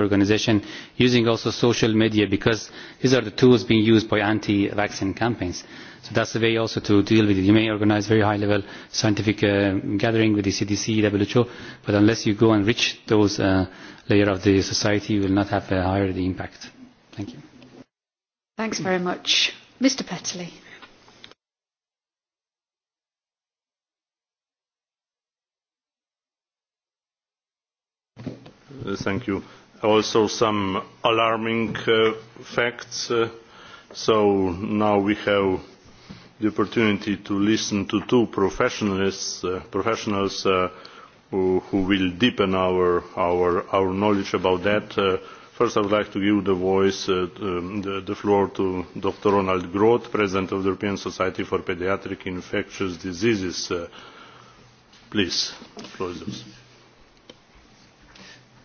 Organization, using also social media because these are the tools being used by anti vaccine campaigns. So that's a way also to deal with it. You may organize very high level scientific gathering with the CDC, WHO, but unless you go and reach those layer of the society you will not have a higher impact. Thank you. Thanks very much. Mr Petley. Thank you also some alarming facts. So now we have the opportunity to listen to two professionals who will deepen our knowledge about that. First, I would like to give the voice, the floor to Dr. Ronald Groth, President of the European Society for Pediatric Infectious Diseases. Please, floor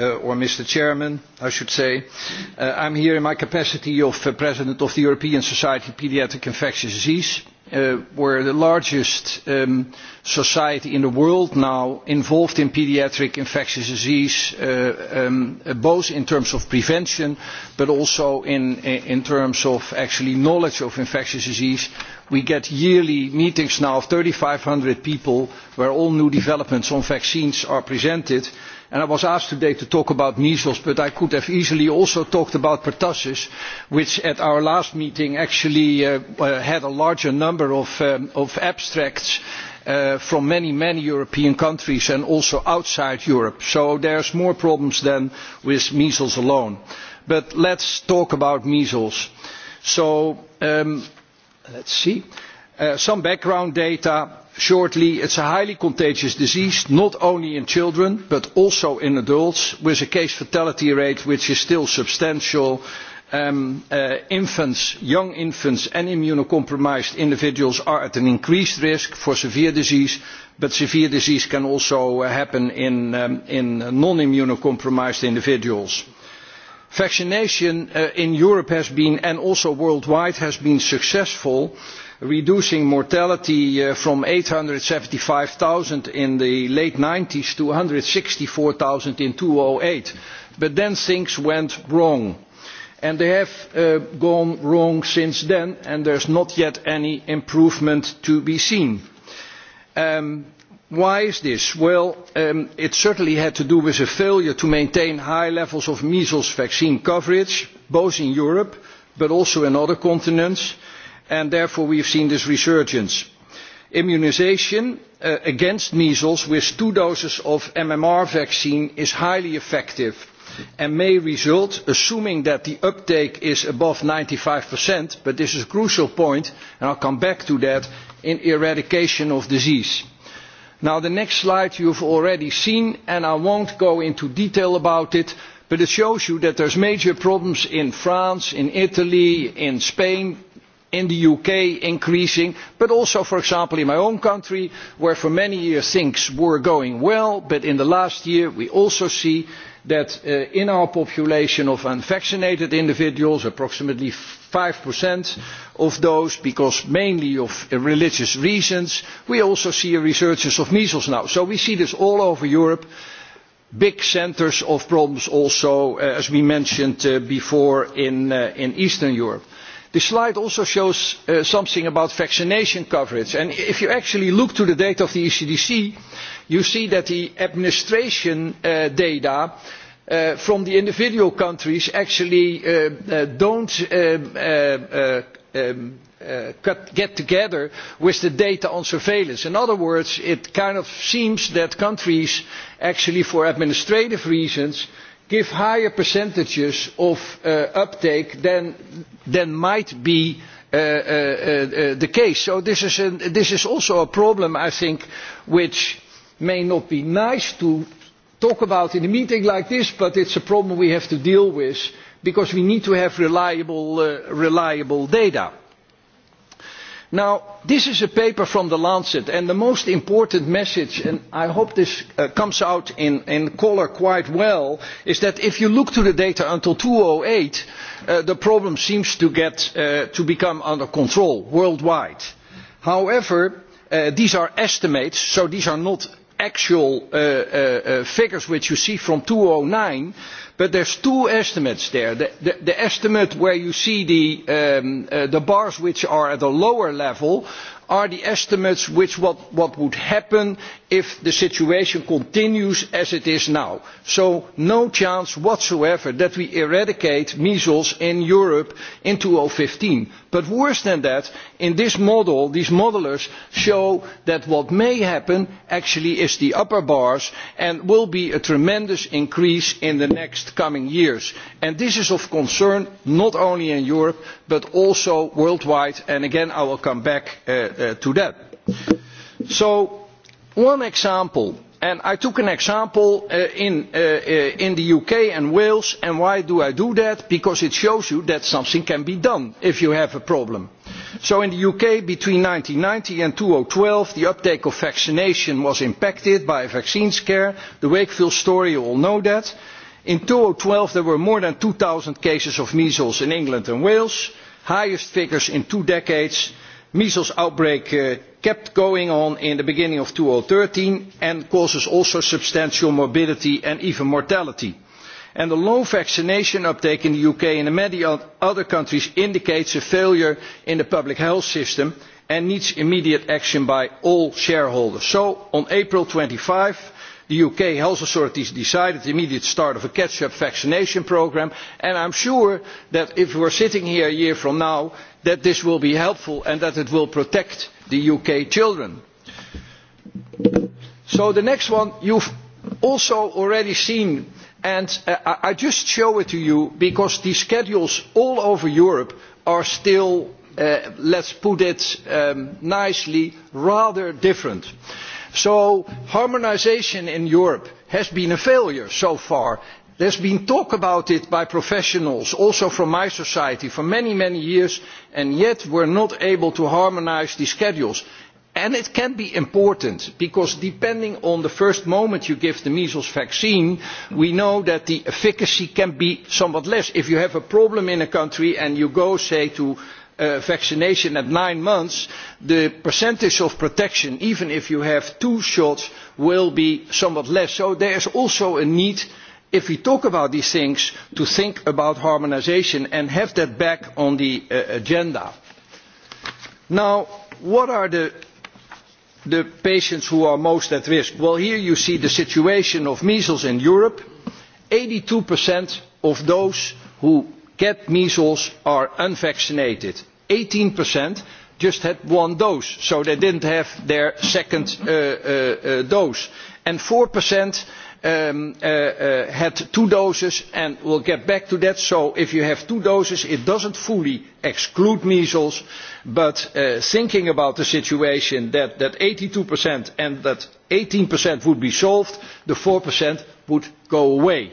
or Mr Chairman, I should say. I am here in my capacity of President of the European Society of Pediatric Infectious Disease. are the largest society in the world now involved in pediatric infectious disease, both in terms of prevention, but also in terms of actually knowledge of infectious disease. We get yearly meetings now of 3,500 people, where all new developments on vaccines are presented I was asked today to talk about measles, but I could have easily also talked about pertussis, which at our last meeting actually had a larger number of abstracts from many, many European countries and also outside Europe. So there's more problems than with measles alone. But let's talk about measles. So, let's see. Some background data shortly, it is a highly contagious disease, not only in children, but also in adults, with a case fatality rate which is still substantial. Infants, young infants and immunocompromised individuals are at an increased risk for severe disease, but severe disease can also happen in non-immunocompromised individuals. Vaccination in Europe has been, and also worldwide, has been successful reducing mortality from eight hundred seventy 875,000 in the late one 90s to 164,000 in two eight, But then things went wrong. And they have gone wrong since then, and there is not yet any improvement to be seen. Why is this? Well, it certainly had to do with a failure to maintain high levels of measles vaccine coverage, both in Europe but also in other continents and therefore we have seen this resurgence. immunisation against measles with two doses of mmr vaccine is highly effective and may result assuming that the uptake is above ninety five but this is a crucial point and i will come back to that in eradication of disease. the next slide you have already seen and i won't go into detail about it but it shows you that there are major problems in france in italy in spain in the uk increasing but also for example in my own country where for many years things were going well but in the last year we also see that in our population of unvaccinated individuals approximately 5% of those because mainly of religious reasons we also see a resurgence of measles now so we see this all over europe big centres of problems also as we mentioned before in eastern europe The slide also shows something about vaccination coverage. And if you actually look to the data of the ECDC, you see that the administration data from the individual countries actually don't get together with the data on surveillance. In other words, it kind of seems that countries actually for administrative reasons give higher percentages of uptake than might be the case. So this is also a problem, I think, which may not be nice to talk about in a meeting like this, but it is a problem we have to deal with because we need to have reliable data Now, this is a paper from The Lancet, and the most important message, and I hope this comes out in colour quite well, is that if you look to the data until 2008, the problem seems to become under control worldwide. However, these are estimates, so these are not actual figures which you see from 2009 But are two estimates there. The estimate where you see the bars which are at a lower level are the estimates which what would happen if the situation continues as it is now. So no chance whatsoever that we eradicate measles in Europe in 2015. But worse than that, in this model, these modellers show that what may happen actually is the upper bars and will be a tremendous increase in the next coming years. And this is of concern not only in Europe but also worldwide. And again, I will come back to that. So, one example i took an example in the uk and wales and why do i do that? because it shows you that something can be done if you have a problem. so in the uk between one and ninety and two thousand twelve the uptake of vaccination was impacted by vaccine scare the wakefield story you all know that. in two twelve there were more than two zero cases of measles in england and wales highest figures in two decades measles outbreak kept going on in the beginning of two thousand and causes also substantial morbidity and even mortality. the low vaccination uptake in the UK and in many other countries indicates a failure in the public health system and needs immediate action by all shareholders. So on April the uk health authorities decided the immediate start of a catch up vaccination programme and i am sure that if we are sitting here a year from now that this will be helpful and that it will protect the uk children. so the next one you have also already seen and i just show it to you because the schedules all over europe are still let us put it nicely rather different. so harmonisation in europe has been a failure so far There has been talk about it by professionals, also from my society, for many, many years, and yet we are not able to harmonise the schedules. And it can be important, because depending on the first moment you give the measles vaccine, we know that the efficacy can be somewhat less. If you have a problem in a country and you go, say, to vaccination at nine months, the percentage of protection, even if you have two shots, will be somewhat less. So there is also a need if we talk about these things to think about harmonisation and have that back on the agenda. now what are the patients who are most at risk? well here you see the situation of measles in europe eighty two of those who get measles are unvaccinated eighteen just had one dose so they did not have their second dose and four percent had two doses and we will get back to that so if you have two doses it does not fully exclude measles but thinking about the situation that eighty two and that 18% would be solved the percent would go away.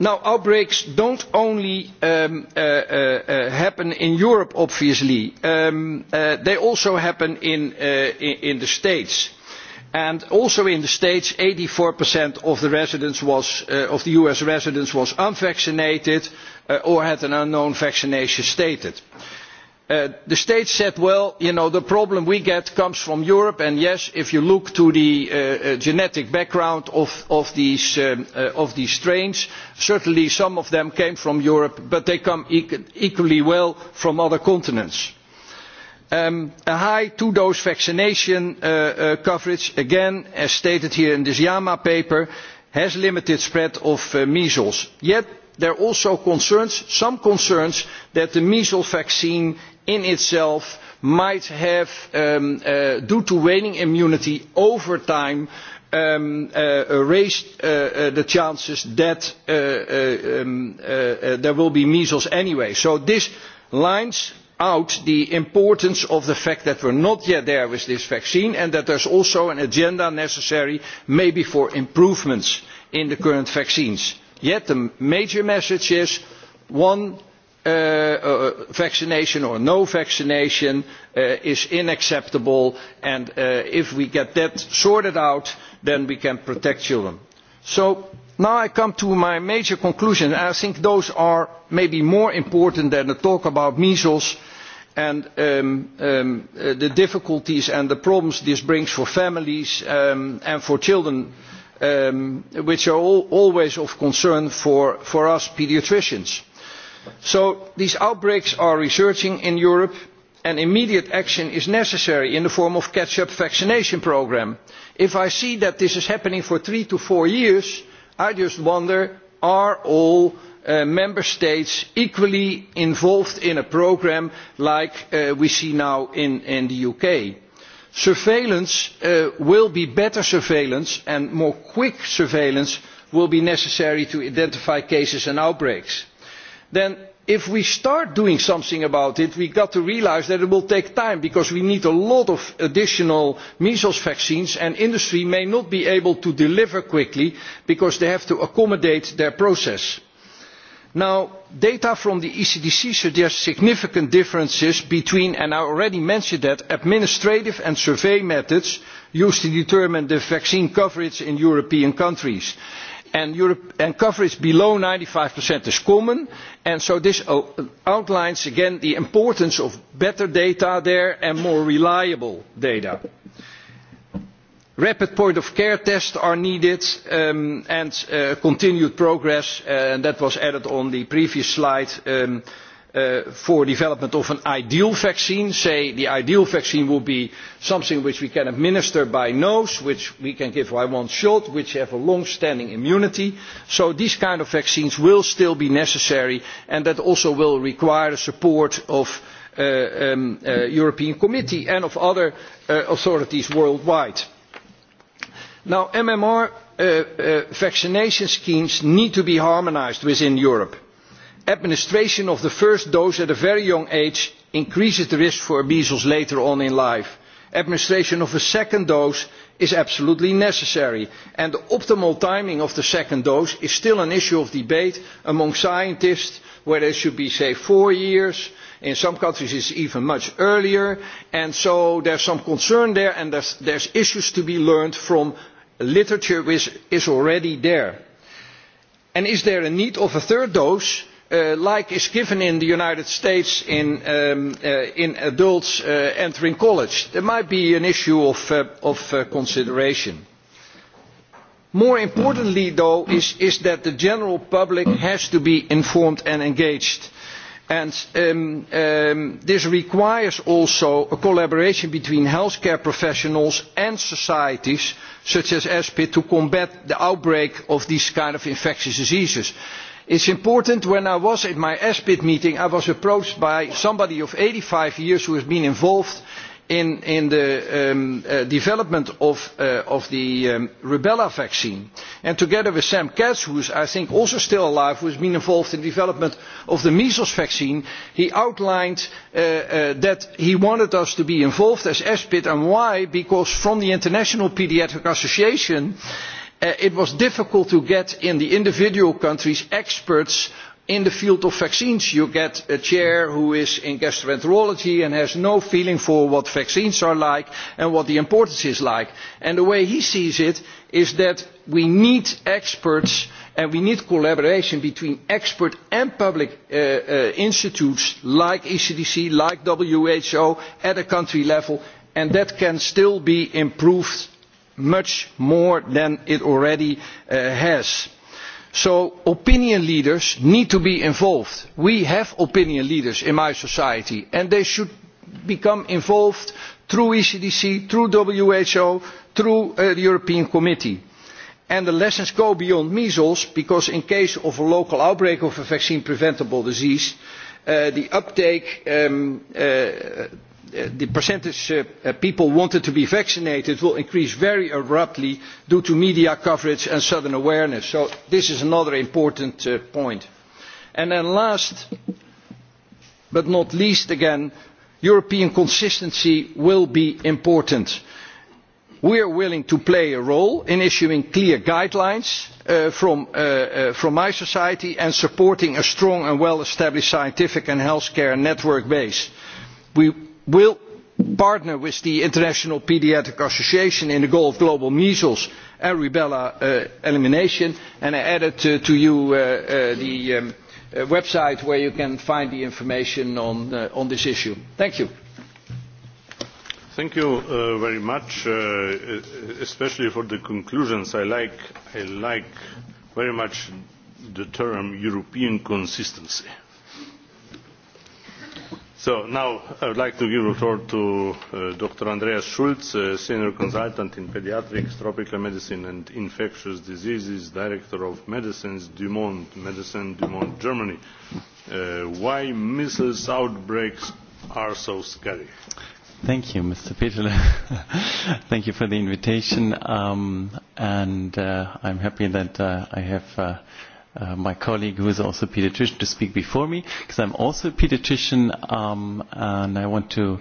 Now outbreaks not only happen in Europe obviously they also happen in the States and also in the states eighty four of the us residents was unvaccinated or had an unknown vaccination status. the states said well you know the problem we get comes from europe and yes if you look to the genetic background of these strains certainly some of them came from europe but they come equally well from other continents a high two dose vaccination coverage again as stated here in this jama paper has limited spread of measles yet there are also concerns some concerns that the measles vaccine in itself might have due to waning immunity over time raised the chances that there will be measles anyway so this lines out the importance of the fact that we are not yet there with this vaccine and that there is also an agenda necessary maybe for improvements in the current vaccines. yet the major message is one vaccination or no vaccination is unacceptable and if we get that sorted out then we can protect children. so now i come to my major conclusions and i think those are maybe more important than the talk about measles and the difficulties and the problems this brings for families and for children which are always of concern for us paediatricians. so these outbreaks are resurging in europe and immediate action is necessary in the form of a catch up vaccination programme. if i see that this is happening for three to four years i just wonder are all member states equally involved in a programme like we see now in the uk? surveillance will be better surveillance and more quick surveillance will be necessary to identify cases and outbreaks. then if we start doing something about it we have to realise that it will take time because we need a lot of additional measles vaccines and industry may not be able to deliver quickly because they have to accommodate their process. data from the ecdc suggests significant differences between and i already mentioned that administrative and survey methods used to determine the vaccine coverage in european countries and coverage below 95% is common and so this outlines again the importance of better data there and more reliable data. Rapid point of care tests are needed and continued progress and that was added on the previous slide for development of an ideal vaccine say the ideal vaccine will be something which we can administer by nose which we can give by one shot which have a long standing immunity so these kinds of vaccines will still be necessary and that also will require the support of the european committee and of other authorities worldwide. now mmr vaccination schemes need to be harmonised within europe administration of the first dose at a very young age increases the risk for measles later on in life. administration of a second dose is absolutely necessary and the optimal timing of the second dose is still an issue of debate among scientists whether it should be say four years in some countries it is even much earlier and so there is some concern there and there are issues to be learned from literature which is already there. and is there a need for a third dose? like is given in the united states in adults entering college. there might be an issue of consideration. more importantly though is that the general public has to be informed and engaged and this requires also a collaboration between healthcare professionals and societies such as ESPI to combat the outbreak of these kinds of infectious diseases. It is important when I was at my ESPID meeting I was approached by somebody of eighty five years who has been involved in the development of the rubella vaccine and together with Sam Katz who is I think also still alive who has been involved in the development of the measles vaccine he outlined that he wanted us to be involved as ESPID and why because from the International Pediatric Association it was difficult to get in the individual countries experts in the field of vaccines. You get a chair who is in gastroenterology and has no feeling for what vaccines are like and what the importance is like. And the way he sees it is that we need experts and we need collaboration between expert and public institutes like ECDC, like WHO at a country level and that can still be improved much more than it already has. So opinion leaders need to be involved. We have opinion leaders in my society and they should become involved through ECDC, through WHO, through the European Committee. And the lessons go beyond measles because in case of a local outbreak of a vaccine preventable disease, the uptake the percentage of people wanted to be vaccinated will increase very abruptly due to media coverage and sudden awareness. So this is another important point. And then last but not least again, European consistency will be important. We are willing to play a role in issuing clear guidelines from my society and supporting a strong and well established scientific and healthcare network base will partner with the international paediatric association in the goal of global measles and rubella elimination and i added to you the website where you can find the information on this issue. thank you. thank you very much especially for the conclusions. i like very much the term european consistency' So now I would like to give the floor to Dr. Andreas Schulz, Senior Consultant in Pediatrics, Tropical Medicine and Infectious Diseases, Director of Medicines, Dumont, Medicine Dumont, Germany. Why measles outbreaks are so scary? Thank you, Mr. Peterle. Thank you for the invitation, and I'm happy that I have my colleague who is also a pediatrician to speak before me because I'm also a pediatrician and I want to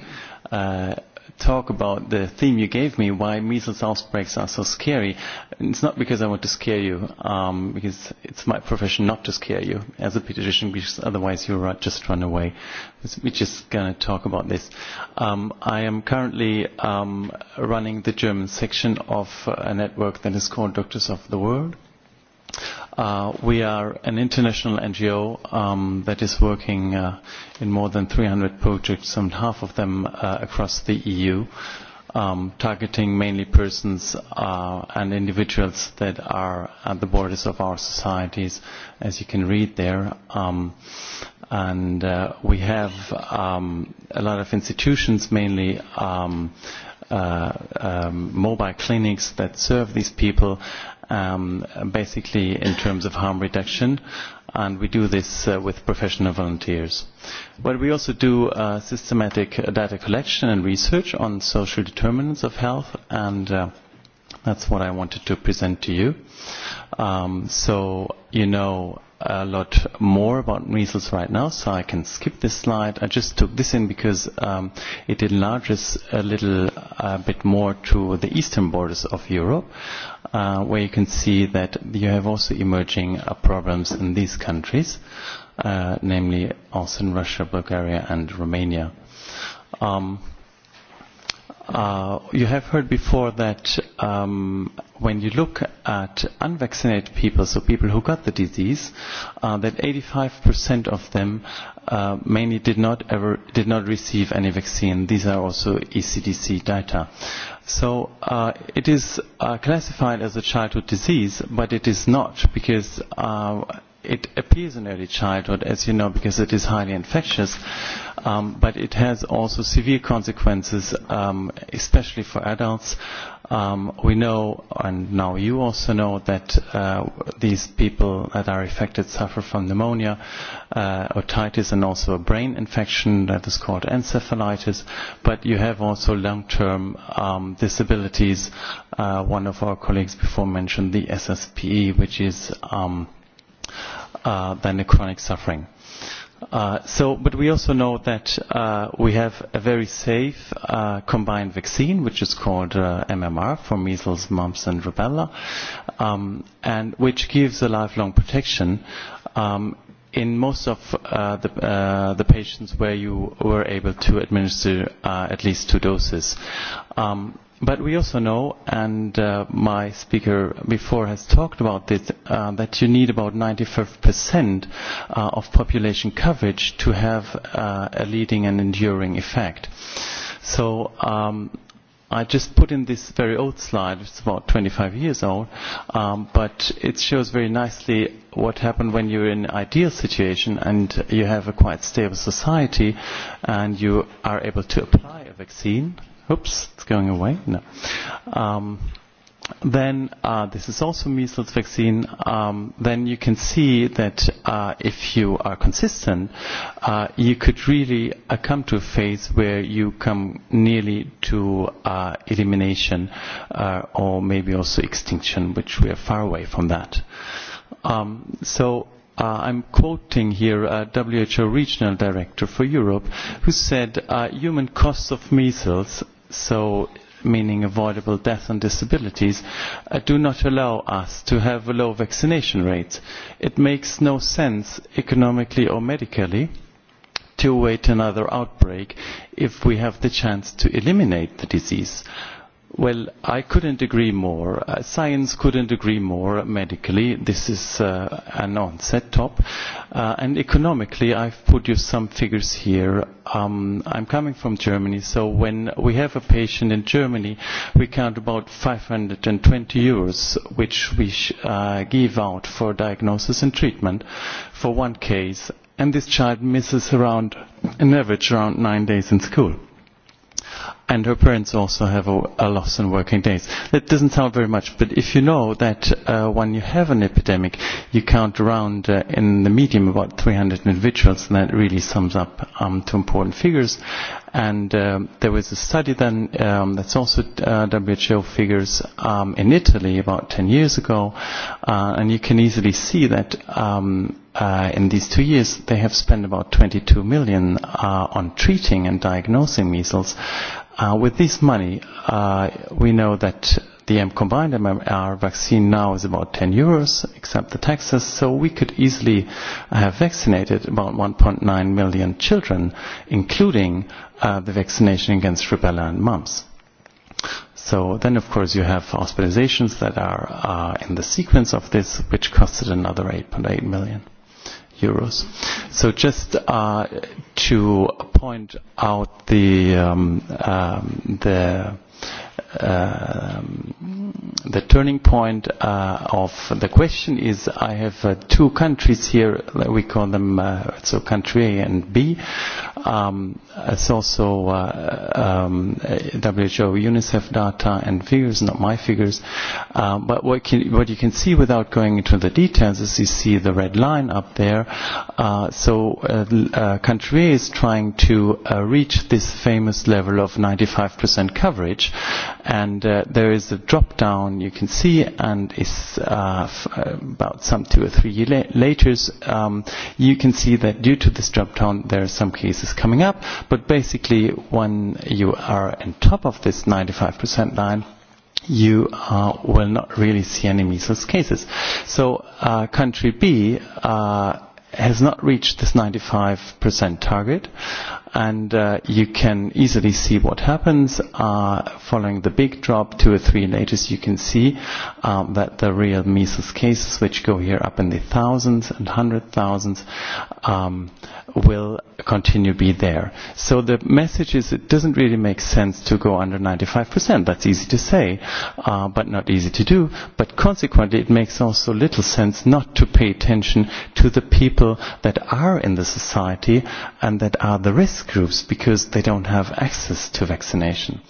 talk about the theme you gave me, why measles outbreaks are so scary. And It's not because I want to scare you, um, because it's my profession not to scare you as a pediatrician, because otherwise you'll just run away. We're just going to talk about this. Um, I am currently um, running the German section of a network that is called Doctors of the World We are an international NGO that is working in more than 300 projects, and half of them across the EU, targeting mainly persons and individuals that are at the borders of our societies, as you can read there. And we have a lot of institutions, mainly mobile clinics that serve these people basically in terms of harm reduction and we do this with professional volunteers. But we also do systematic data collection and research on social determinants of health and that's what I wanted to present to you. So you know a lot more about measles right now, so I can skip this slide. I just took this in because it enlarges a little bit more to the eastern borders of Europe, where you can see that you have also emerging problems in these countries, namely also in Russia, Bulgaria and Romania. You have heard before that when you look at unvaccinated people, so people who got the disease, that 85% of them mainly did not ever did not receive any vaccine. These are also ECDC data. So it is classified as a childhood disease, but it is not because it appears in early childhood, as you know, because it is highly infectious, but it has also severe consequences, especially for adults. We know, and now you also know, that these people that are affected suffer from pneumonia, otitis, and also a brain infection that is called encephalitis. But you have also long-term disabilities. One of our colleagues before mentioned the SSPE, which is than the chronic suffering. So, but we also know that we have a very safe combined vaccine, which is called MMR for measles, mumps and rubella, and which gives a lifelong protection in most of the patients where you were able to administer at least two doses. But we also know, and my speaker before has talked about this, that you need about 95% of population coverage to have a leading and enduring effect. So I just put in this very old slide, it's about 25 years old, but it shows very nicely what happened when you're in an ideal situation and you have a quite stable society and you are able to apply a vaccine. Oops, it's going away. No. Um, then this is also measles vaccine then you can see that if you are consistent you could really come to a phase where you come nearly to elimination or maybe also extinction which we are far away from that so I'm quoting here a WHO regional director for Europe who said human costs of measles so meaning avoidable death and disabilities, do not allow us to have low vaccination rates. It makes no sense economically or medically to wait another outbreak if we have the chance to eliminate the disease. Well, I couldn't agree more. Science couldn't agree more medically. This is an onset top. And economically, I've put you some figures here. I'm coming from Germany, so when we have a patient in Germany, we count about 520 euros, which we give out for diagnosis and treatment for one case. And this child misses around, an average, around nine days in school and her parents also have a loss in working days. That doesn't sound very much, but if you know that when you have an epidemic, you count around in the medium about 300 individuals, and that really sums up to important figures. And there was a study then that's also WHO figures in Italy about 10 years ago, and you can easily see that in these two years they have spent about 22 million on treating and diagnosing measles With this money, we know that the M combined MMR vaccine now is about 10 euros, except the taxes, so we could easily have vaccinated about 1.9 million children, including the vaccination against rubella and mumps. So then, of course, you have hospitalizations that are in the sequence of this, which costed another 8.8 million euros. So just to point out the the turning point of the question is I have two countries here, we call them so country A and B. It's also WHO UNICEF data and figures, not my figures. But what you can see without going into the details is you see the red line up there. So country A is trying to reach this famous level of 95% coverage and there is a drop down you can see and it's about some two or three years later you can see that due to this drop down there are some cases coming up but basically when you are on top of this 95% line you will not really see any measles cases. So country B has not reached this 95% target and you can easily see what happens following the big drop two or three latest you can see that the real measles cases which go here up in the thousands and hundred thousands will continue to be there. So the message is it doesn't really make sense to go under 95%. That's easy to say, but not easy to do. But consequently, it makes also little sense not to pay attention to the people that are in the society and that are the risk groups because they don't have access to vaccination.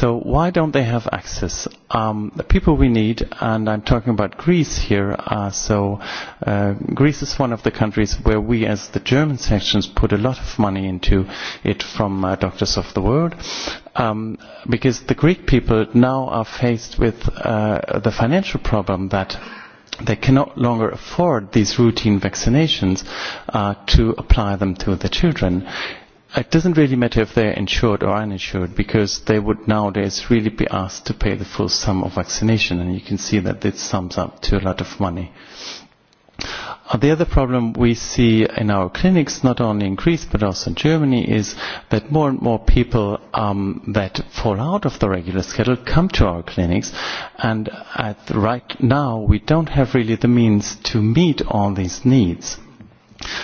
So why don't they have access? Um, the people we need, and I'm talking about Greece here, uh, so uh, Greece is one of the countries where we as the German sections put a lot of money into it from uh, Doctors of the World, um, because the Greek people now are faced with uh, the financial problem that they cannot longer afford these routine vaccinations to apply them to the children it doesn't really matter if they're insured or uninsured because they would nowadays really be asked to pay the full sum of vaccination and you can see that this sums up to a lot of money. The other problem we see in our clinics, not only in Greece but also in Germany, is that more and more people that fall out of the regular schedule come to our clinics, and right now we don't have really the means to meet all these needs.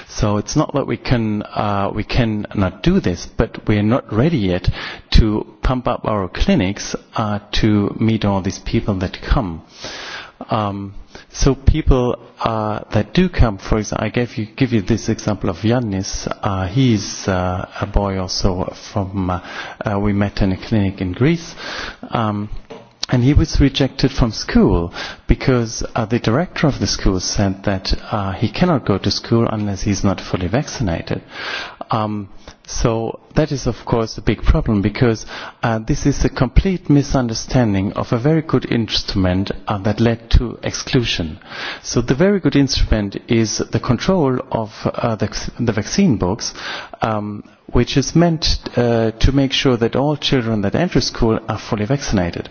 So it's not that we can uh, we can not do this, but we're not ready yet to pump up our clinics uh, to meet all these people that come. Um, so people uh, that do come, for example, I gave you give you this example of Yannis. Uh, he's uh, a boy also from uh, uh, we met in a clinic in Greece. Um, And he was rejected from school because the director of the school said that he cannot go to school unless he's not fully vaccinated. So that is of course a big problem because this is a complete misunderstanding of a very good instrument that led to exclusion. So the very good instrument is the control of the vaccine books which is meant to make sure that all children that enter school are fully vaccinated.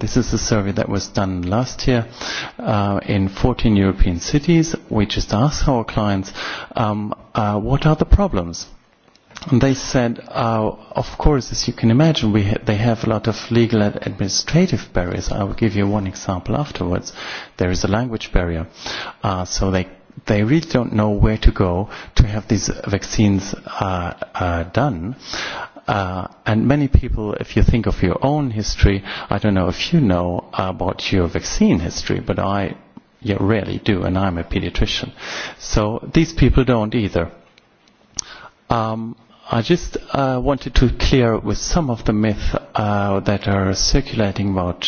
This is a survey that was done last year in 14 European cities. We just asked our clients, what are the problems? And they said, of course, as you can imagine, we they have a lot of legal and administrative barriers. I will give you one example afterwards. There is a language barrier. So they they really don't know where to go to have these vaccines done. And many people, if you think of your own history, I don't know if you know about your vaccine history, but I rarely do, and I'm a pediatrician. So these people don't either. Um I just wanted to clear with some of the myths that are circulating about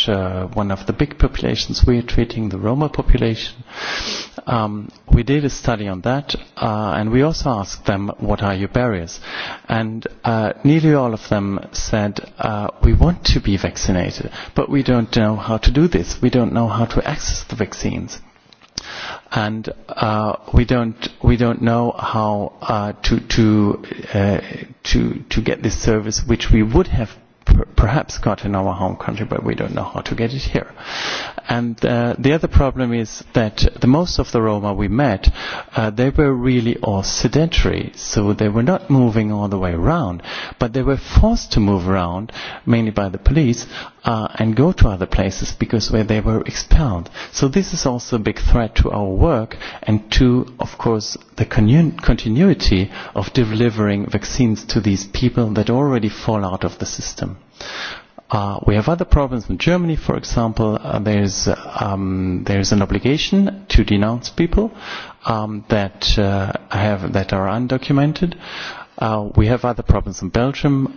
one of the big populations we are treating, the Roma population. We did a study on that, and we also asked them, what are your barriers? And nearly all of them said, we want to be vaccinated, but we don't know how to do this. We don't know how to access the vaccines and we don't we don't know how to to to to get this service which we would have perhaps got in our home country but we don't know how to get it here and the other problem is that the most of the roma we met they were really all sedentary so they were not moving all the way around but they were forced to move around mainly by the police and go to other places because where they were expelled. So this is also a big threat to our work and to, of course, the continuity of delivering vaccines to these people that already fall out of the system. We have other problems in Germany, for example. There's an obligation to denounce people that have that are undocumented. We have other problems in Belgium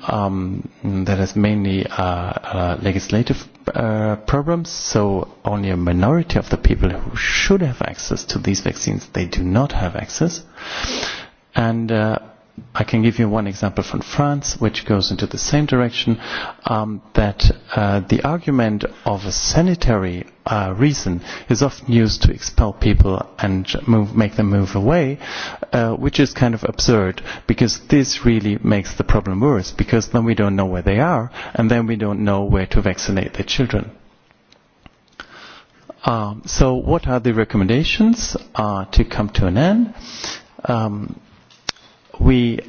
that has mainly legislative problems, so only a minority of the people who should have access to these vaccines, they do not have access. And I can give you one example from France, which goes into the same direction, that the argument of a sanitary reason is often used to expel people and make them move away, which is kind of absurd, because this really makes the problem worse, because then we don't know where they are, and then we don't know where to vaccinate their children. So what are the recommendations to come to an end? we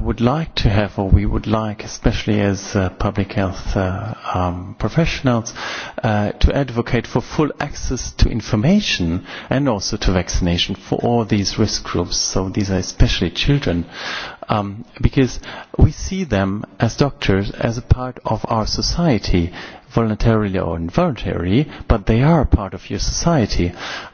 would like to have, or we would like, especially as public health professionals, to advocate for full access to information and also to vaccination for all these risk groups. So these are especially children, because we see them as doctors as a part of our society voluntarily or involuntarily, but they are part of your society.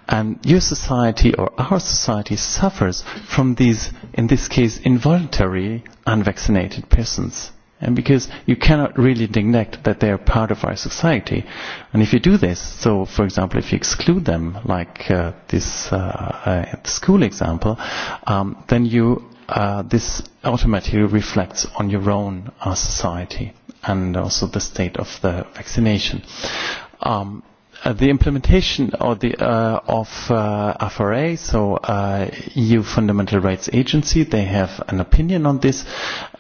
And your society or our society suffers from these, in this case, involuntary unvaccinated persons. And because you cannot really neglect that they are part of our society. And if you do this, so for example, if you exclude them, like this school example, then you, this automatically reflects on your own society and also the state of the vaccination. The implementation of FRA, so EU Fundamental Rights Agency, they have an opinion on this,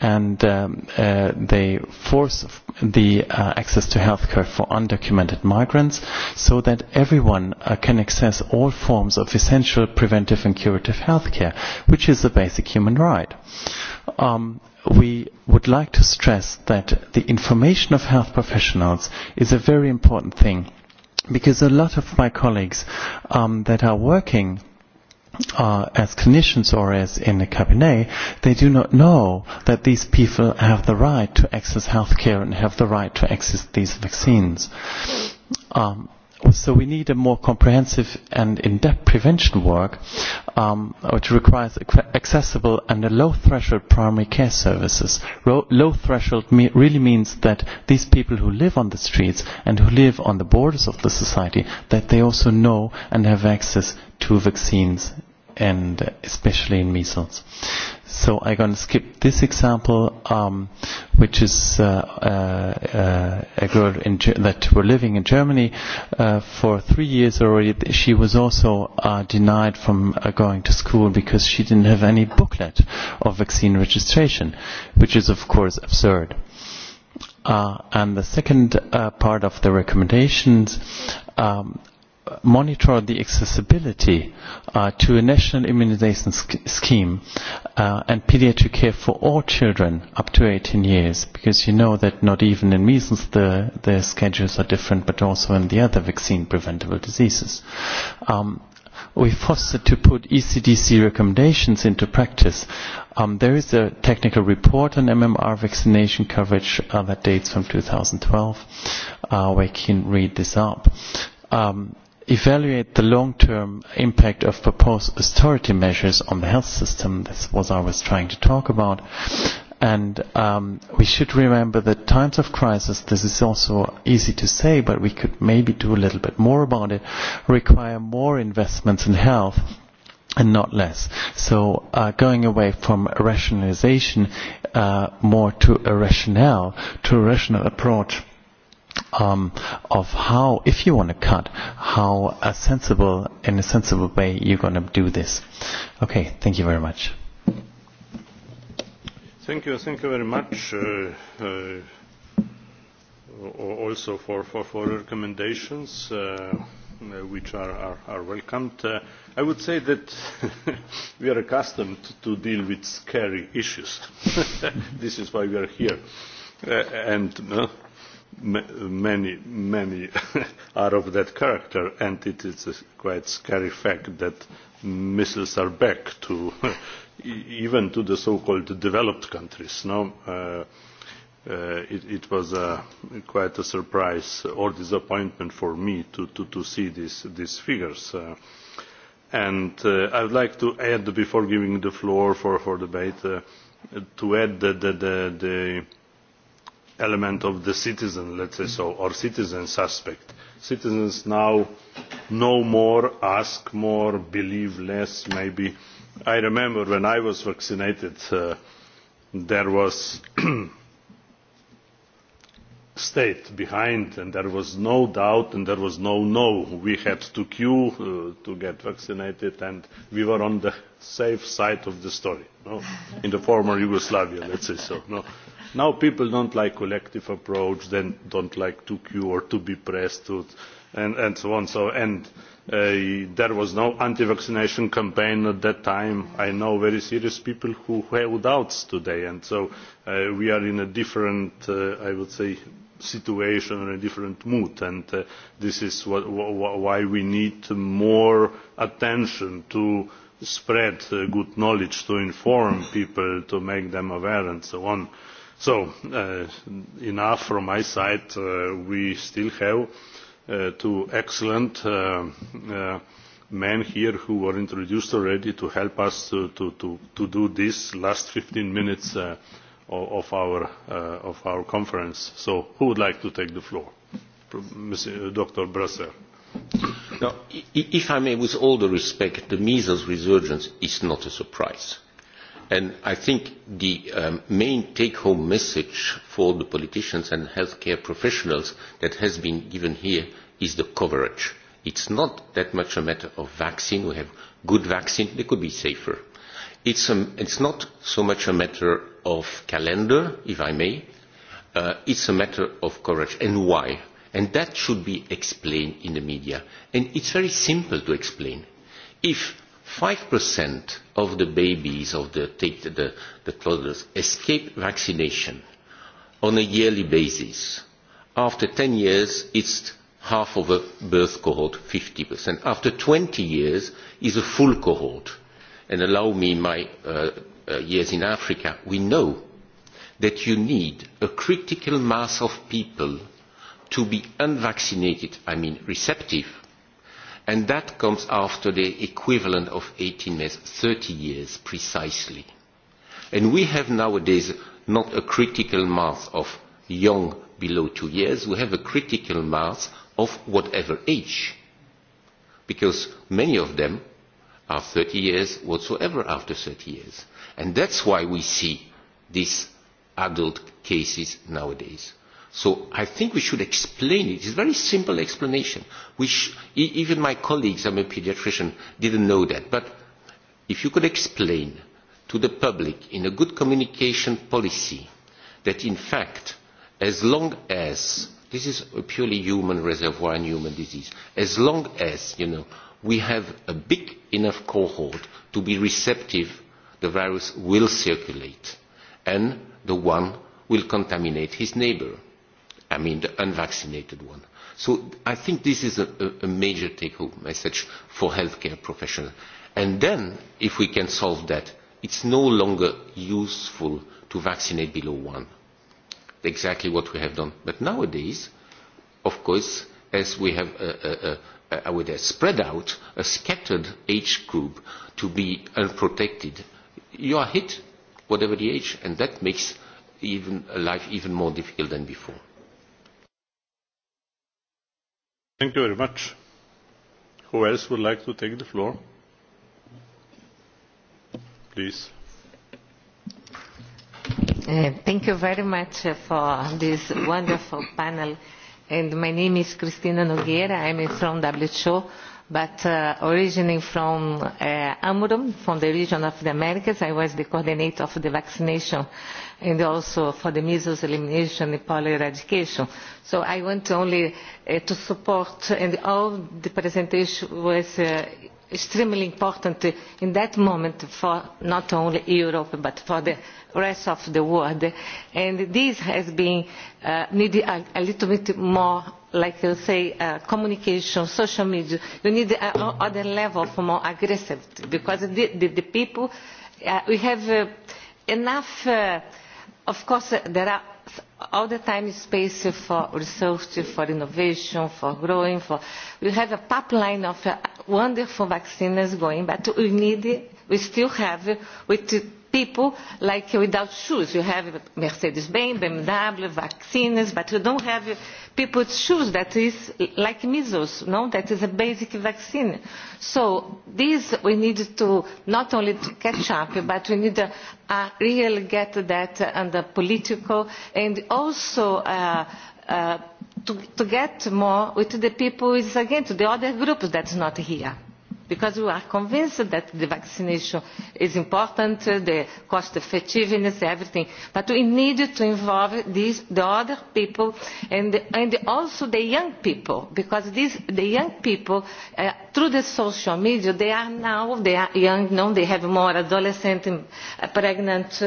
and they force the access to healthcare for undocumented migrants, so that everyone can access all forms of essential preventive and curative healthcare, which is a basic human right we would like to stress that the information of health professionals is a very important thing because a lot of my colleagues that are working as clinicians or as in a cabinet, they do not know that these people have the right to access healthcare and have the right to access these vaccines. Um, So we need a more comprehensive and in-depth prevention work, which requires accessible and low-threshold primary care services. Low-threshold really means that these people who live on the streets and who live on the borders of the society, that they also know and have access to vaccines and especially in measles. So I'm going to skip this example, um, which is uh, uh, a girl in that were living in Germany uh, for three years already. She was also uh, denied from uh, going to school because she didn't have any booklet of vaccine registration, which is of course absurd. Uh, and the second uh, part of the recommendations um, monitor the accessibility to a national immunization scheme and pediatric care for all children up to 18 years because you know that not even in measles the, the schedules are different but also in the other vaccine preventable diseases. Um, we fostered to put ECDC recommendations into practice. Um, there is a technical report on MMR vaccination coverage that dates from 2012 uh, we can read this up. Um, evaluate the long-term impact of proposed austerity measures on the health system. That's what I was trying to talk about. And we should remember that times of crisis, this is also easy to say, but we could maybe do a little bit more about it, require more investments in health and not less. So going away from rationalization more to a rationale, to a rational approach of how, if you want to cut, how a sensible, in a sensible way you're going to do this. Okay, thank you very much. Thank you, thank you very much. Also for for for recommendations, which are are welcomed. I would say that we are accustomed to deal with scary issues. This is why we are here. And many many are of that character and it is a quite scary fact that missiles are back to even to the so called developed countries. it was quite a surprise or disappointment for me to see these figures. and i would like to add before giving the floor for debate to add that the element of the citizen, let's say so, or citizen suspect. Citizens now know more, ask more, believe less, maybe. I remember when I was vaccinated, there was state behind and there was no doubt and there was no no. We had to queue to get vaccinated and we were on the safe side of the story in the former Yugoslavia, let's say so. Now people don't like collective approach, then don't like to queue or to be pressed and so on. And there was no anti-vaccination campaign at that time. I know very serious people who have doubts today and so we are in a different, I would say, situation and a different mood and this is why we need more attention to spread good knowledge to inform people to make them aware and so on. so enough from my side we still have two excellent men here who were introduced already to help us to do this last 15 minutes of our conference. So who would like to take the floor? Dr. Brasser. If I may, with all the respect, the measles resurgence is not a surprise. And I think the main take-home message for the politicians and healthcare professionals that has been given here is the coverage. It's not that much a matter of vaccine. We have good vaccine. They could be safer It's not so much a matter of calendar, if I may. It's a matter of courage. And why? And that should be explained in the media. And it's very simple to explain. If 5% of the babies, of the toddlers, escape vaccination on a yearly basis, after 10 years, it's half of a birth cohort, 50%. After 20 years, is a full cohort and allow me my years in Africa, we know that you need a critical mass of people to be unvaccinated, I mean receptive, and that comes after the equivalent of 18 years, 30 years precisely. And we have nowadays not a critical mass of young below two years, we have a critical mass of whatever age, because many of them are 30 years whatsoever after 30 years. And that's why we see these adult cases nowadays. So I think we should explain it. It's a very simple explanation. Even my colleagues, I'm a pediatrician, didn't know that. But if you could explain to the public in a good communication policy that in fact, as long as, this is a purely human reservoir and human disease, as long as, you know, we have a big enough cohort to be receptive, the virus will circulate and the one will contaminate his neighbor. I mean the unvaccinated one. So I think this is a major take-home message for healthcare professionals. And then, if we can solve that, it's no longer useful to vaccinate below one. Exactly what we have done. But nowadays, of course, as we have I would spread out a scattered age group to be unprotected, you are hit, whatever the age, and that makes even life even more difficult than before. Thank you very much. Who else would like to take the floor? Please. Thank you very much for this wonderful panel and my name is Cristina Nogueira. I'm from WHO, but originally from Amurum, from the region of the Americas. I was the coordinator of the vaccination and also for the measles elimination and polio eradication. So I want only to support, and all the presentation was extremely important in that moment for not only Europe but for the rest of the world. And this has been needed a little bit more, like you say, communication, social media. we need other level for more aggressive because the people we have enough. Of course, there are all the time space for research, for innovation, for growing. For we have a pipeline of wonderful vaccines going, but we need, we still have with people like without shoes. You have Mercedes Benz, BMW, vaccines, but you don't have people's shoes that is like measles, no? That is a basic vaccine. So this we need to not only to catch up, but we need to really get that under political and also to get more with the people is again to the other groups that's not here because we are convinced that the vaccination is important, the cost effectiveness, everything. But we need to involve these the other people and also the young people, because these the young people through the social media, they are now, they are young now, they have more adolescent pregnant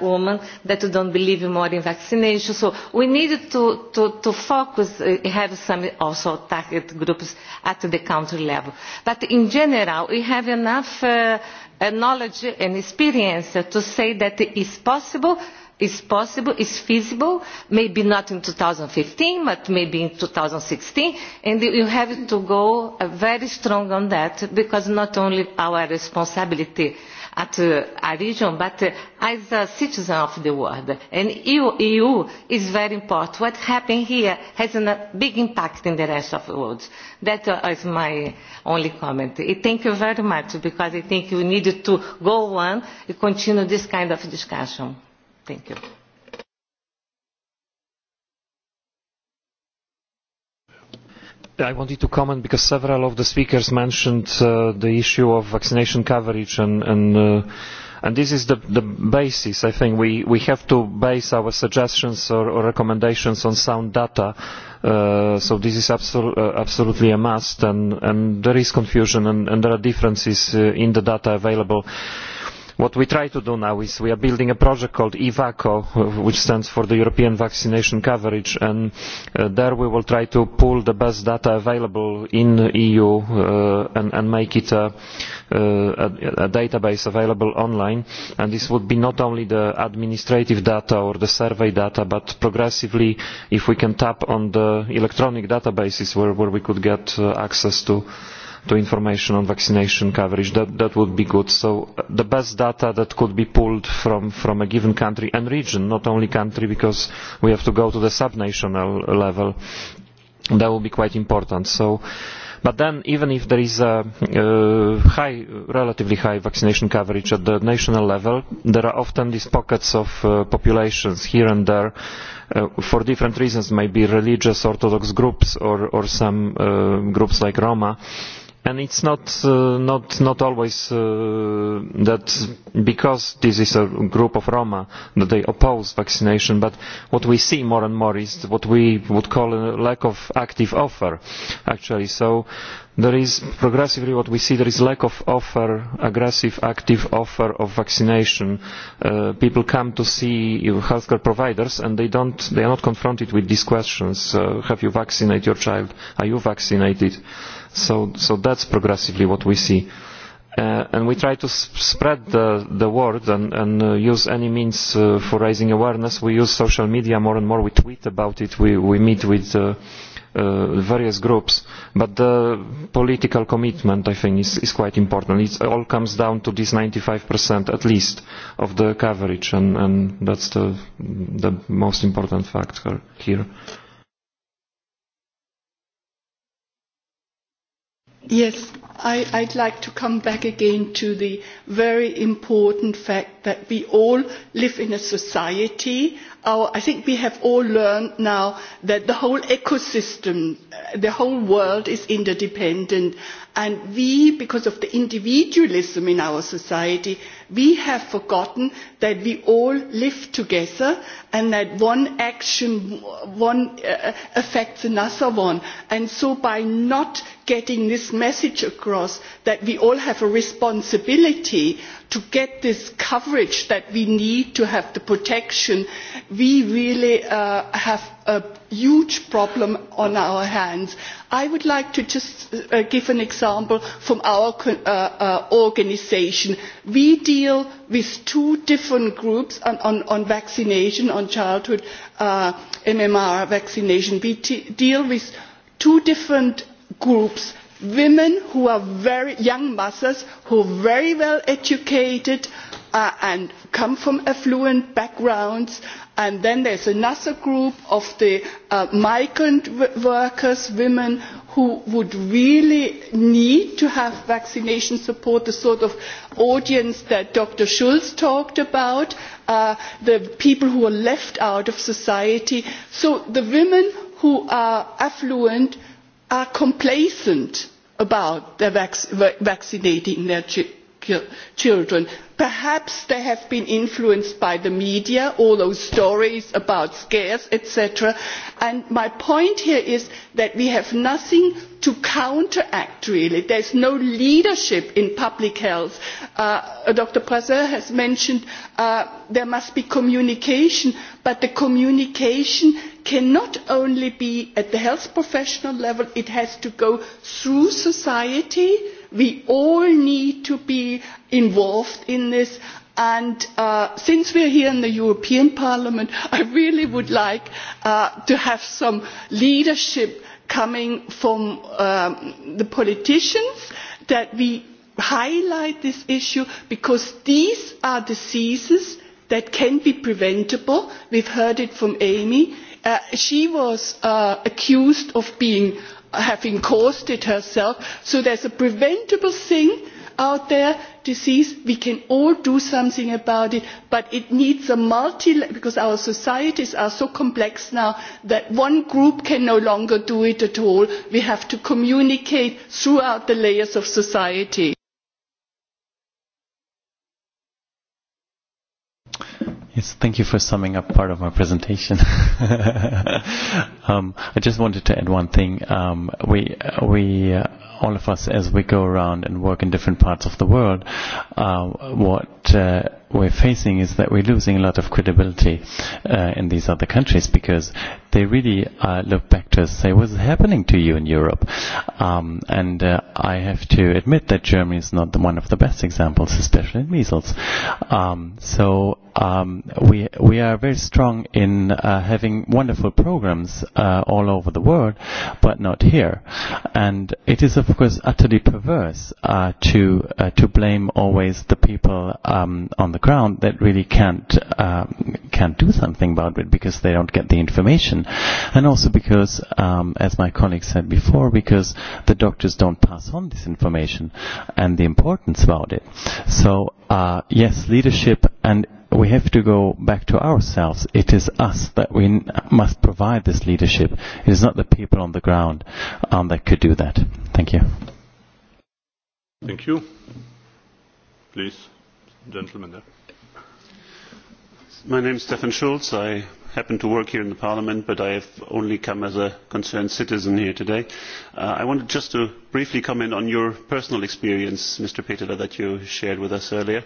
women that don't believe more in vaccination. So we need to, to, to focus, have some also target groups at the country level. But in general, we have enough knowledge and experience to say that it is possible is possible is feasible maybe not in 2015 but maybe in 2016 and you have to go very strong on that because not only our responsibility at a region but as a citizen of the world and EU is very important what happens here has a big impact in the rest of the world that is my only comment thank you very much because I think you need to go on and continue this kind of discussion Thank you. I wanted to comment because several of the speakers mentioned the issue of vaccination coverage and and this is the the basis i think we we have to base our suggestions or recommendations on sound data so this is absolutely a must and there is confusion and there are differences in the data available What we try to do now is we are building a project called EVACO, which stands for the European Vaccination Coverage, and there we will try to pull the best data available in the EU and make it a database available online. And this would be not only the administrative data or the survey data, but progressively, if we can tap on the electronic databases where we could get access to to information on vaccination coverage. That would be good. So the best data that could be pulled from a given country and region, not only country, because we have to go to the subnational level. That will be quite important. So But then, even if there is a high, relatively high vaccination coverage at the national level, there are often these pockets of populations here and there, for different reasons, maybe religious Orthodox groups or some groups like Roma and it's not not not always that because this is a group of roma that they oppose vaccination but what we see more and more is what we would call a lack of active offer actually so there is progressively what we see there is lack of offer aggressive active offer of vaccination people come to see healthcare providers and they don't they are not confronted with these questions have you vaccinated your child are you vaccinated So so that's progressively what we see. And we try to spread the the word and and use any means for raising awareness. We use social media more and more. We tweet about it. We we meet with various groups. But the political commitment, I think, is is quite important. It all comes down to this 95% at least of the coverage, and and that's the the most important factor here. Yes, I'd like to come back again to the very important fact that we all live in a society. I think we have all learned now that the whole ecosystem, the whole world is interdependent and we because of the individualism in our society we have forgotten that we all live together and that one action affects another one and so by not getting this message across that we all have a responsibility to get this coverage that we need to have the protection we really have a huge problem on our hands. i would like to just give an example from our organisation. we deal with two different groups on vaccination on childhood mmr vaccination. we deal with two different groups women who are very young mothers who are very well educated and come from affluent backgrounds and then there is another group of the migrant workers women who would really need to have vaccination support the sort of audience that dr schulz talked about the people who are left out of society. so the women who are affluent are complacent about vaccinating their children. Perhaps they have been influenced by the media, all those stories about scares, etc. And my point here is that we have nothing to counteract really. There is no leadership in public health. Dr. praser has mentioned there must be communication, but the communication cannot only be at the health professional level, it has to go through society we all need to be involved in this and since we are here in the european parliament i really would like to have some leadership coming from the politicians that we highlight this issue because these are diseases that can be preventable we have heard it from amy she was accused of being having caused it herself. So there is a preventable thing out there, disease. We can all do something about it, but it needs a multi because our societies are so complex now that one group can no longer do it at all. We have to communicate throughout the layers of society. Yes, thank you for summing up part of my presentation. um, I just wanted to add one thing. Um, we we all of us as we go around and work in different parts of the world, what we're facing is that we're losing a lot of credibility in these other countries because they really look back to us and say, what's happening to you in Europe? And I have to admit that Germany is not the one of the best examples, especially in measles. So we we are very strong in having wonderful programs all over the world, but not here. And it is, of of course utterly perverse to to blame always the people on the ground that really can't can't do something about it because they don't get the information and also because as my colleague said before because the doctors don't pass on this information and the importance about it so uh yes leadership and we have to go back to ourselves. It is us that we must provide this leadership. It is not the people on the ground that could do that. Thank you. Thank you. Please, gentlemen there. My name is Stefan Schulz. I happen to work here in the Parliament, but I have only come as a concerned citizen here today. I wanted just to briefly comment on your personal experience, Mr. Peter, that you shared with us earlier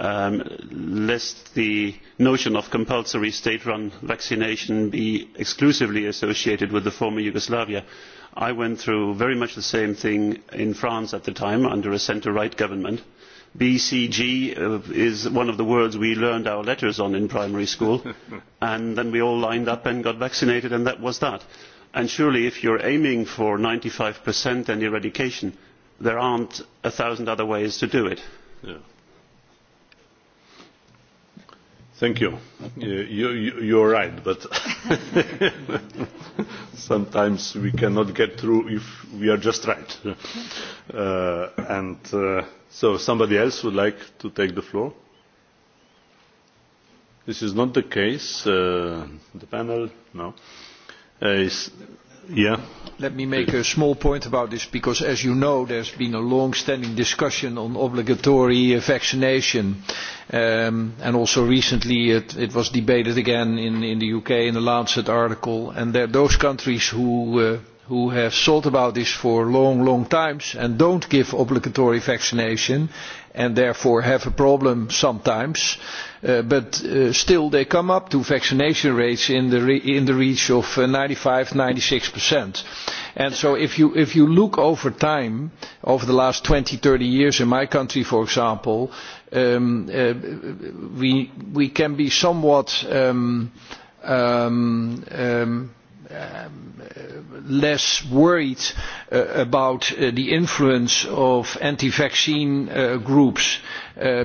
lest the notion of compulsory state run vaccination be exclusively associated with the former Yugoslavia. I went through very much the same thing in France at the time under a centre right government. BCG is one of the words we learned our letters on in primary school and then we all lined up and got vaccinated and that was that. And surely if you are aiming for 95% and eradication, there aren't a thousand other ways to do it. Thank you. You are right, but sometimes we cannot get through if we are just right. And so somebody else would like to take the floor? This is not the case. The panel? No. Let me make a small point about this because, as you know, there has been a long-standing discussion on obligatory vaccination, and also recently it was debated again in the UK in the Lancet article. And those countries who who have thought about this for long, long time and don't give obligatory vaccination and therefore have a problem sometimes, but still they come up to vaccination rates in the reach of ninety 95-96%. And so if you look over time, over the last twenty, thirty years in my country, for example, we can be somewhat less worried about the influence of anti-vaccine groups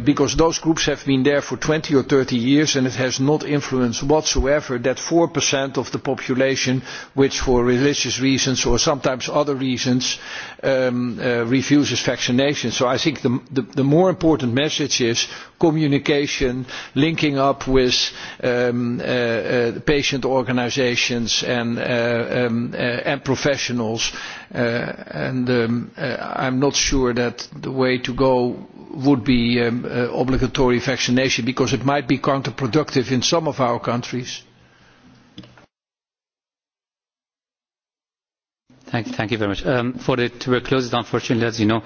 because those groups have been there for 20 or 30 years and it has not influenced whatsoever that 4% of the population which for religious reasons or sometimes other reasons refuses vaccination. So I think the more important message is communication, linking up with patient organisations and and professionals. And I'm not sure that the way to go would be obligatory vaccination because it might be counterproductive in some of our countries. Thank you very much. For the tuberculosis, unfortunately, as you know,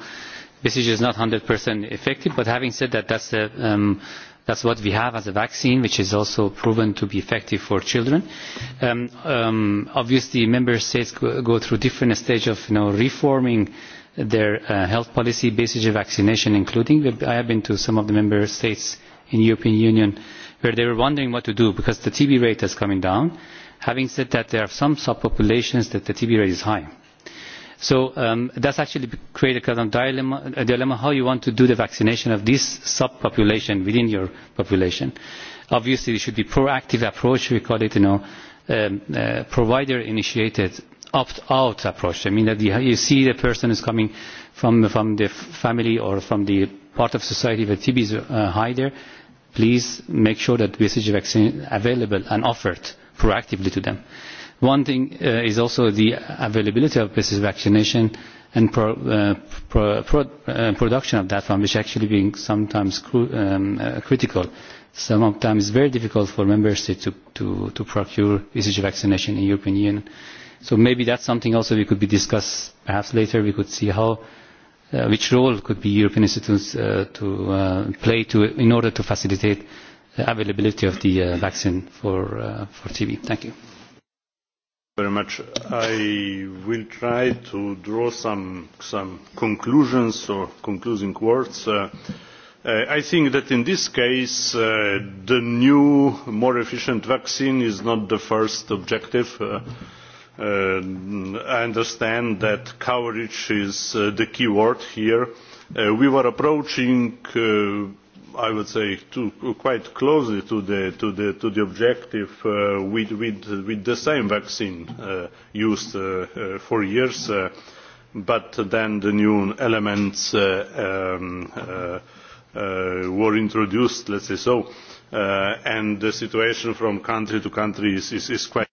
this is not 100% effective. But having said that, that's the That's what we have as a vaccine, which is also proven to be effective for children. Obviously, member states go through different stages of reforming their health policy basis vaccination, including. I have been to some of the member states in the European Union where they were wondering what to do because the TB rate is coming down. Having said that, there are some subpopulations that the TB rate is high So that's actually created a dilemma how you want to do the vaccination of this subpopulation within your population. Obviously, it should be proactive approach. We call it, you know, provider-initiated opt-out approach. I mean that you see the person is coming from from the family or from the part of society where TB is high there. Please make sure that BCG vaccine is available and offered proactively to them. One thing is also the availability of basic vaccination and production of that one, which actually being sometimes critical. Sometimes it's very difficult for member states to procure BCG vaccination in the European Union. So maybe that's something also we could be discussed perhaps later. We could see how, which role could be European institutions to play to in order to facilitate the availability of the vaccine for TB. Thank you very much. I will try to draw some some conclusions or concluding words. I think that in this case the new, more efficient vaccine is not the first objective. I understand that coverage is the key word here. We were approaching I would say, quite closely to the objective with the same vaccine used for years, but then the new elements were introduced, let's say so, and the situation from country to country is quite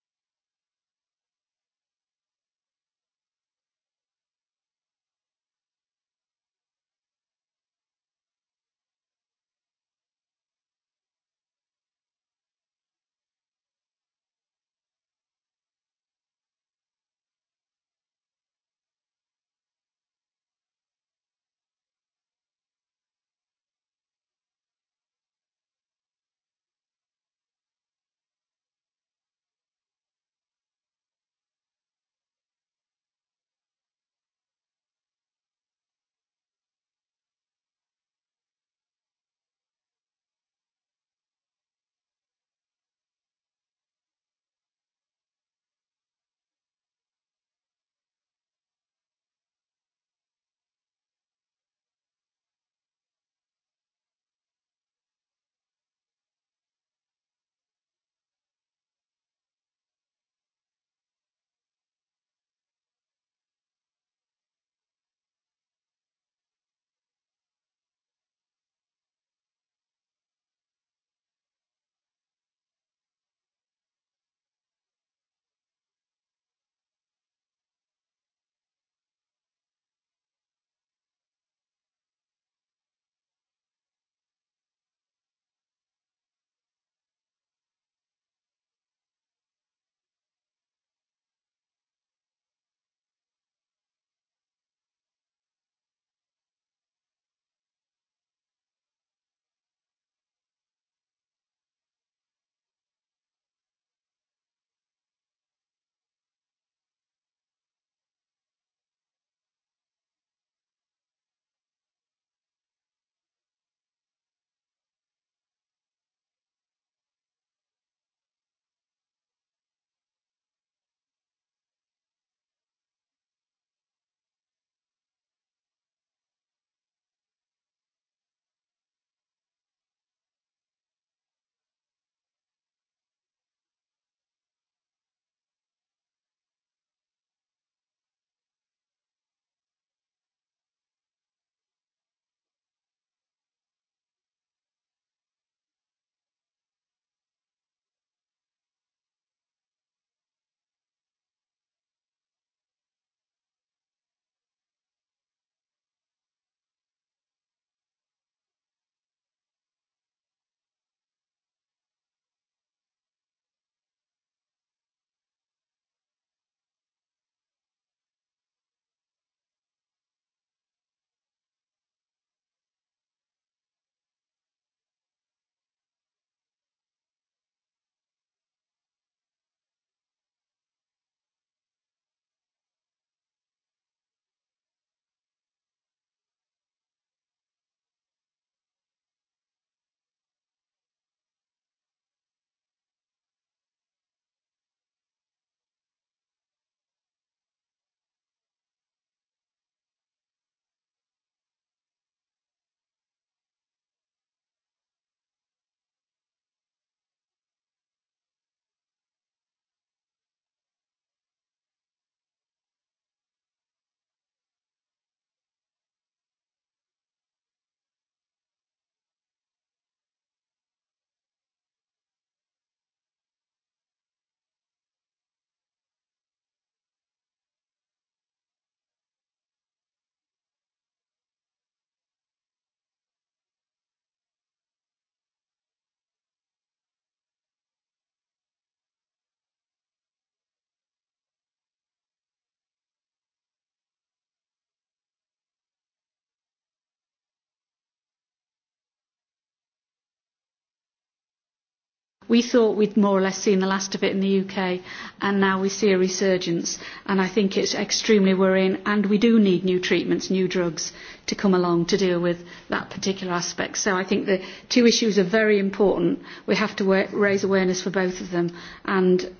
We thought we'd more or less seen the last of it in the UK, and now we see a resurgence, and I think it's extremely worrying, and we do need new treatments, new drugs to come along to deal with that particular aspect. So I think the two issues are very important. We have to raise awareness for both of them, and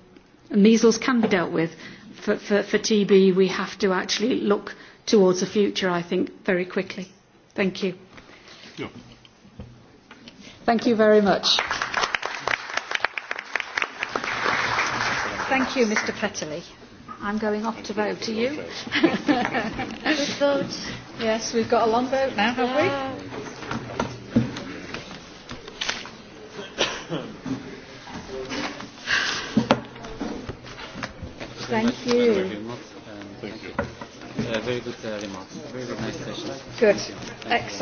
measles can be dealt with. For TB, we have to actually look towards the future, I think, very quickly. Thank you. Thank you very much. Thank you, Mr. Petterly. I'm going off to vote. to you? Yes, we've got a long vote now, have we? Thank you. Thank you. Very good remarks. Very good, nice session. Good. Excellent.